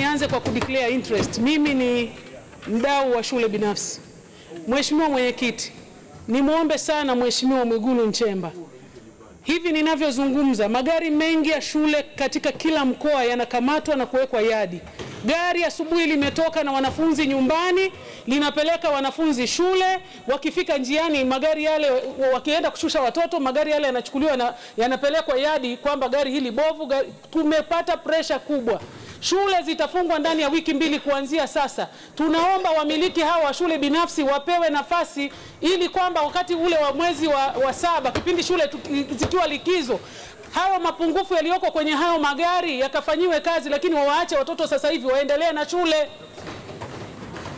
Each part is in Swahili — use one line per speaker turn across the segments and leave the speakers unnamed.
nianze kwa kudeclare interest. Mimi ni mdau wa shule binafsi. Mheshimiwa Mwenyekiti, nimwombe sana Mheshimiwa Mwigulu Nchemba. Hivi ninavyozungumza, magari mengi ya shule katika kila mkoa yanakamatwa na kuwekwa yadi. Gari asubuhi limetoka na wanafunzi nyumbani, linapeleka wanafunzi shule. Wakifika njiani, magari yale, wakienda kushusha watoto, magari yale yanachukuliwa na yanapelekwa yadi, kwamba gari hili bovu. Gari, tumepata presha kubwa. Shule zitafungwa ndani ya wiki mbili kuanzia sasa. Tunaomba wamiliki hawa wa shule binafsi wapewe nafasi ili kwamba wakati ule wa mwezi wa, wa saba kipindi shule zikiwa likizo hayo mapungufu yaliyoko kwenye hayo magari yakafanyiwe kazi, lakini wawaache watoto sasa hivi waendelee na shule.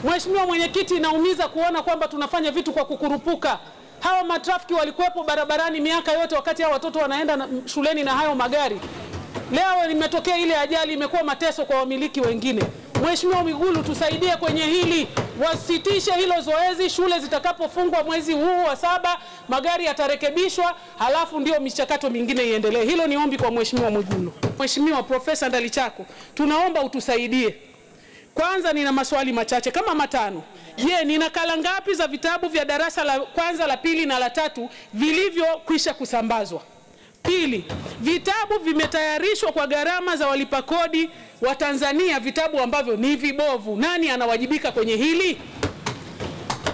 Mheshimiwa Mwenyekiti, inaumiza kuona kwamba tunafanya vitu kwa kukurupuka. Hawa matrafiki walikuwepo barabarani miaka yote wakati hao watoto wanaenda na shuleni na hayo magari. Leo limetokea ile ajali, imekuwa mateso kwa wamiliki wengine. Mheshimiwa Mwigulu, tusaidie kwenye hili, wasitishe hilo zoezi. Shule zitakapofungwa mwezi huu wa saba, magari yatarekebishwa, halafu ndio michakato mingine iendelee. Hilo ni ombi kwa Mheshimiwa Mwigulu. Mheshimiwa Profesa Ndalichako, tunaomba utusaidie. Kwanza nina maswali machache kama matano. Je, nina kala ngapi za vitabu vya darasa la kwanza, la pili na la tatu vilivyokwisha kusambazwa? Pili, vitabu vimetayarishwa kwa gharama za walipa kodi wa Tanzania, vitabu ambavyo ni vibovu. Nani anawajibika kwenye hili?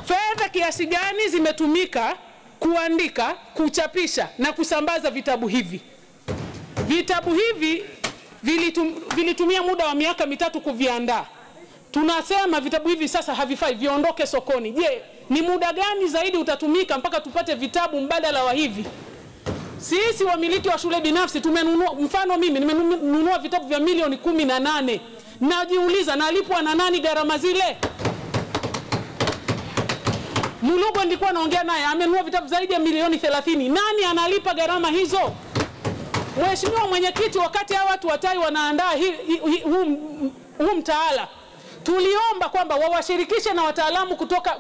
Fedha kiasi gani zimetumika kuandika, kuchapisha na kusambaza vitabu hivi? Vitabu hivi vilitum, vilitumia muda wa miaka mitatu kuviandaa. Tunasema vitabu hivi sasa havifai, viondoke sokoni. Je, ni muda gani zaidi utatumika mpaka tupate vitabu mbadala wa hivi? Sisi wamiliki wa shule binafsi tumenunua, mfano mimi nimenunua vitabu vya milioni kumi na nane. Najiuliza, nalipwa na nani gharama zile? Mulugo nilikuwa naongea naye, amenunua vitabu zaidi ya milioni 30. Nani analipa gharama hizo? Mheshimiwa Mwenyekiti, wakati hawa watu watai wanaandaa huu mtaala, tuliomba kwamba wawashirikishe na wataalamu kutoka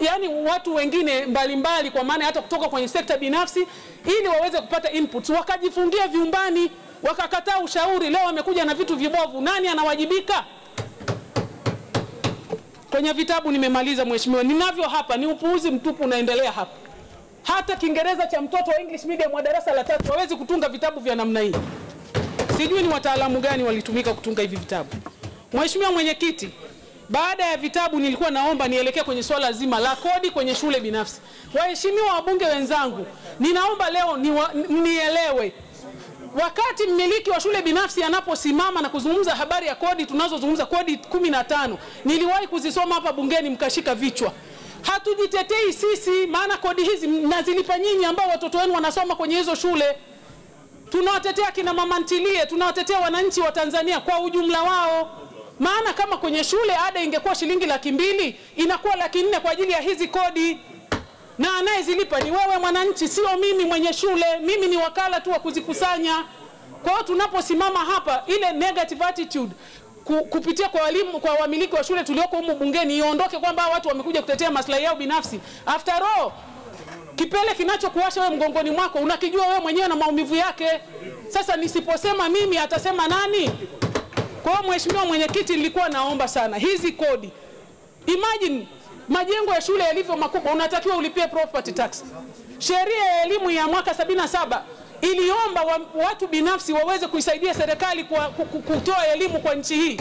yani watu wengine mbalimbali mbali, kwa maana hata kutoka kwenye sekta binafsi ili waweze kupata inputs, wakajifungia vyumbani, wakakataa ushauri. Leo wamekuja na vitu vibovu, nani anawajibika? Kwenye vitabu nimemaliza, mheshimiwa, ninavyo hapa, ni upuuzi mtupu unaendelea hapa. Hata Kiingereza cha mtoto wa English medium wa darasa la tatu hawezi kutunga vitabu vya namna hii. Sijui ni wataalamu gani walitumika kutunga hivi vitabu. Mheshimiwa Mwenyekiti, baada ya vitabu nilikuwa naomba nielekee kwenye swala zima la kodi kwenye shule binafsi. Waheshimiwa wabunge wenzangu, ninaomba leo niwa, nielewe wakati mmiliki wa shule binafsi anaposimama na kuzungumza habari ya kodi, tunazozungumza kodi kumi na tano, niliwahi kuzisoma hapa bungeni mkashika vichwa. Hatujitetei sisi, maana kodi hizi mnazilipa nyinyi ambao watoto wenu wanasoma kwenye hizo shule. Tunawatetea kina mama ntilie, tunawatetea wananchi wa Tanzania kwa ujumla wao. Maana kama kwenye shule ada ingekuwa shilingi laki mbili inakuwa laki nne kwa ajili ya hizi kodi, na anayezilipa ni wewe mwananchi, sio mimi mwenye shule. Mimi ni wakala tu wa kuzikusanya. Kwa hiyo tunaposimama hapa, ile negative attitude kupitia kwa walimu, kwa wamiliki wa shule tulioko humu bungeni iondoke, kwamba watu wamekuja kutetea maslahi yao binafsi. After all, kipele kinachokuwasha wewe mgongoni mwako unakijua wewe mwenyewe na maumivu yake. Sasa nisiposema mimi atasema nani? Kwa hiyo Mheshimiwa Mwenyekiti, nilikuwa naomba sana hizi kodi, imagine majengo ya shule yalivyo makubwa, unatakiwa ulipie property tax. Sheria ya elimu ya mwaka 77 iliomba wa, watu binafsi waweze kuisaidia serikali kutoa elimu kwa nchi hii.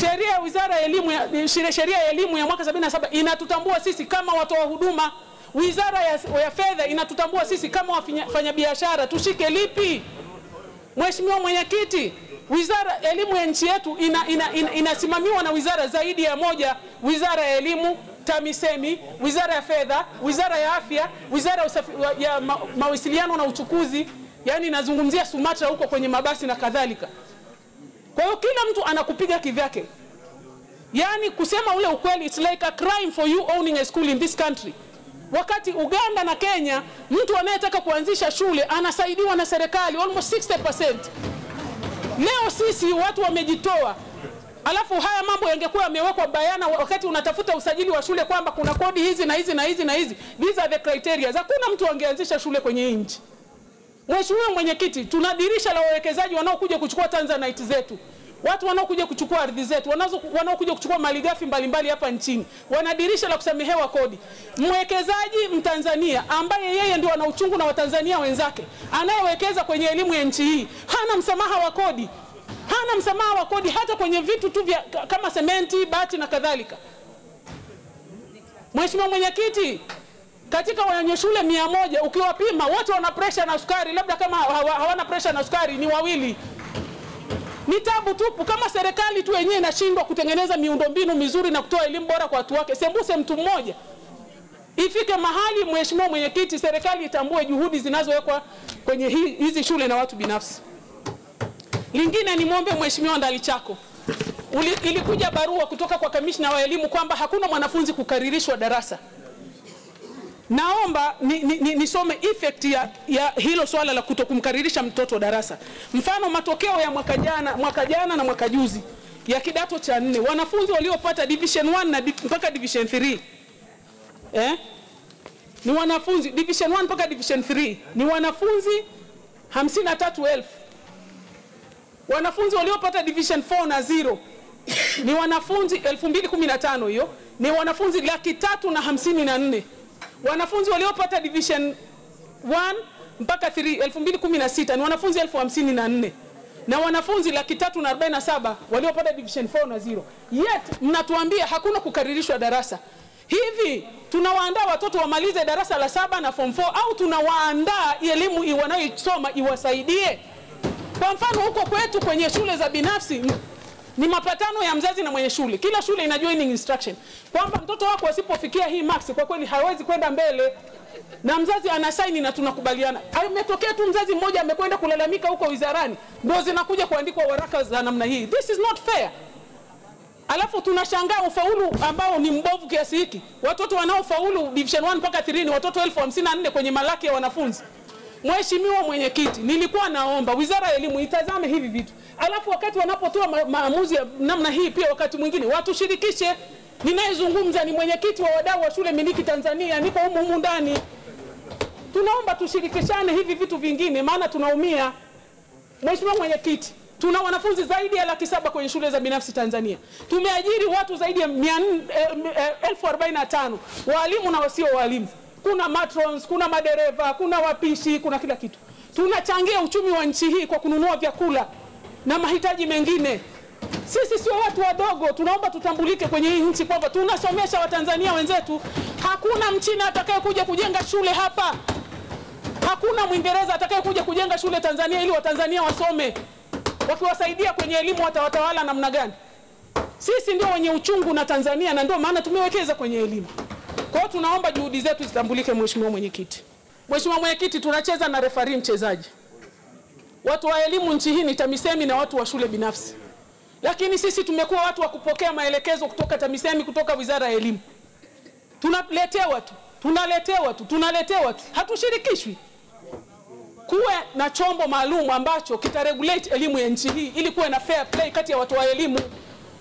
Sheria ya wizara ya elimu ya, sheria ya elimu ya mwaka saba inatutambua sisi kama watoa huduma. Wizara ya, ya fedha inatutambua sisi kama wafanyabiashara. Tushike lipi? Mheshimiwa Mwenyekiti, wizara elimu ya nchi yetu ina, ina, ina, inasimamiwa na wizara zaidi ya moja: wizara ya elimu, TAMISEMI, wizara ya fedha, wizara ya afya, wizara ya ma, mawasiliano na uchukuzi, yani inazungumzia SUMATRA huko kwenye mabasi na kadhalika. Kwa hiyo kila mtu anakupiga kivyake, yani kusema ule ukweli, it's like a crime for you owning a school in this country wakati Uganda na Kenya mtu anayetaka kuanzisha shule anasaidiwa na serikali almost 60%. Leo sisi watu wamejitoa, alafu haya mambo yangekuwa yamewekwa bayana wakati unatafuta usajili wa shule kwamba kuna kodi hizi na hizi na hizi na hizi, these are the criteria. Hakuna mtu angeanzisha shule kwenye nchi. Mheshimiwa Mwenyekiti, tuna dirisha la wawekezaji wanaokuja kuchukua tanzanite zetu. Watu wanaokuja kuchukua ardhi zetu, wanaokuja kuchukua malighafi mbalimbali hapa nchini, wana dirisha la kusamehewa kodi. Mwekezaji Mtanzania ambaye yeye ndio ana uchungu na Watanzania wenzake, anayewekeza kwenye elimu ya nchi hii, hana msamaha wa kodi, hana msamaha wa kodi hata kwenye vitu tu vya kama sementi, bati na kadhalika. Mheshimiwa Mwenyekiti, katika wenye shule mia moja ukiwapima wote wana presha na sukari, labda kama hawana presha na sukari ni wawili. Ni tabu tupu kama serikali tu yenyewe inashindwa kutengeneza miundombinu mizuri na kutoa elimu bora kwa watu wake, sembuse mtu mmoja. Ifike mahali Mheshimiwa Mwenyekiti, serikali itambue juhudi zinazowekwa kwenye hizi shule na watu binafsi. Lingine ni mwombe Mheshimiwa Ndalichako, ilikuja barua kutoka kwa kamishna wa elimu kwamba hakuna mwanafunzi kukaririshwa darasa. Naomba nisome ni, ni, ni effect ya, ya hilo swala la kutokumkaririsha mtoto darasa. Mfano matokeo ya mwaka jana, mwaka jana na mwaka juzi ya kidato cha nne wanafunzi waliopata division 1 na di, mpaka division 3 eh? ni wanafunzi division 1 mpaka division 3 ni wanafunzi 53,000. Wanafunzi waliopata division 4 na 0 ni wanafunzi 2015, hiyo ni wanafunzi laki tatu na hamsini na nne. Wanafunzi waliopata division 1 mpaka 3 2016 ni wanafunzi elfu na na wanafunzi laki na 47 waliopata division 4 na 0. Yet mnatuambia hakuna kukaririshwa darasa. Hivi tunawaandaa watoto wamalize darasa la saba na form 4 au tunawaandaa elimu wanayoisoma iwasaidie? Kwa mfano huko kwetu kwenye shule za binafsi ni mapatano ya mzazi na mwenye shule. Kila shule ina joining instruction kwamba mtoto wako asipofikia hii max, kwa kweli hawezi kwenda mbele, na mzazi ana saini na tunakubaliana. Ametokea tu mzazi mmoja amekwenda kulalamika huko wizarani, ndio zinakuja kuandikwa waraka za namna hii. This is not fair. Alafu tunashangaa ufaulu ambao ni mbovu kiasi hiki. Watoto wanaofaulu division 1 mpaka 3 ni watoto elfu kwenye malaki ya wanafunzi. Mheshimiwa Mwenyekiti, nilikuwa naomba Wizara ya Elimu itazame hivi vitu, alafu wakati wanapotoa ma maamuzi ya namna hii, pia wakati mwingine watushirikishe. Ninayezungumza ni mwenyekiti wa wadau wa shule miliki Tanzania, niko humu humu ndani. Tunaomba tushirikishane hivi vitu vingine, maana tunaumia. Mheshimiwa Mwenyekiti, tuna wanafunzi zaidi ya laki saba kwenye shule za binafsi Tanzania. Tumeajiri watu zaidi ya eh, eh, elfu arobaini na tano walimu na wasio walimu kuna matrons, kuna madereva, kuna wapishi, kuna kila kitu. Tunachangia uchumi wa nchi hii kwa kununua vyakula na mahitaji mengine. Sisi sio watu wadogo, tunaomba tutambulike kwenye hii nchi kwamba tunasomesha Watanzania wenzetu. Hakuna mchina atakayekuja kujenga shule hapa, hakuna mwingereza atakayekuja kujenga shule Tanzania ili Watanzania wasome. Wakiwasaidia kwenye elimu watawatawala namna gani? Sisi ndio wenye uchungu na Tanzania, na ndio maana tumewekeza kwenye elimu. Kwa hiyo tunaomba juhudi zetu zitambulike, mheshimiwa mwenyekiti. Mheshimiwa mwenyekiti, tunacheza na refari mchezaji. Watu wa elimu nchi hii ni TAMISEMI na watu wa shule binafsi, lakini sisi tumekuwa watu wa kupokea maelekezo kutoka TAMISEMI, kutoka wizara ya elimu. Tunaletewa tu tunaletewa tu tunaletewa tu, hatushirikishwi. Kuwe na chombo maalum ambacho kitaregulate elimu ya nchi hii ili kuwe na fair play kati ya watu wa elimu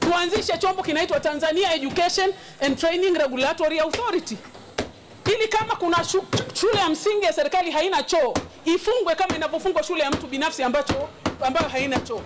tuanzishe chombo kinaitwa Tanzania Education and Training Regulatory Authority ili kama kuna shule ya msingi ya serikali haina choo ifungwe kama inavyofungwa shule ya mtu binafsi ambacho ambayo haina choo.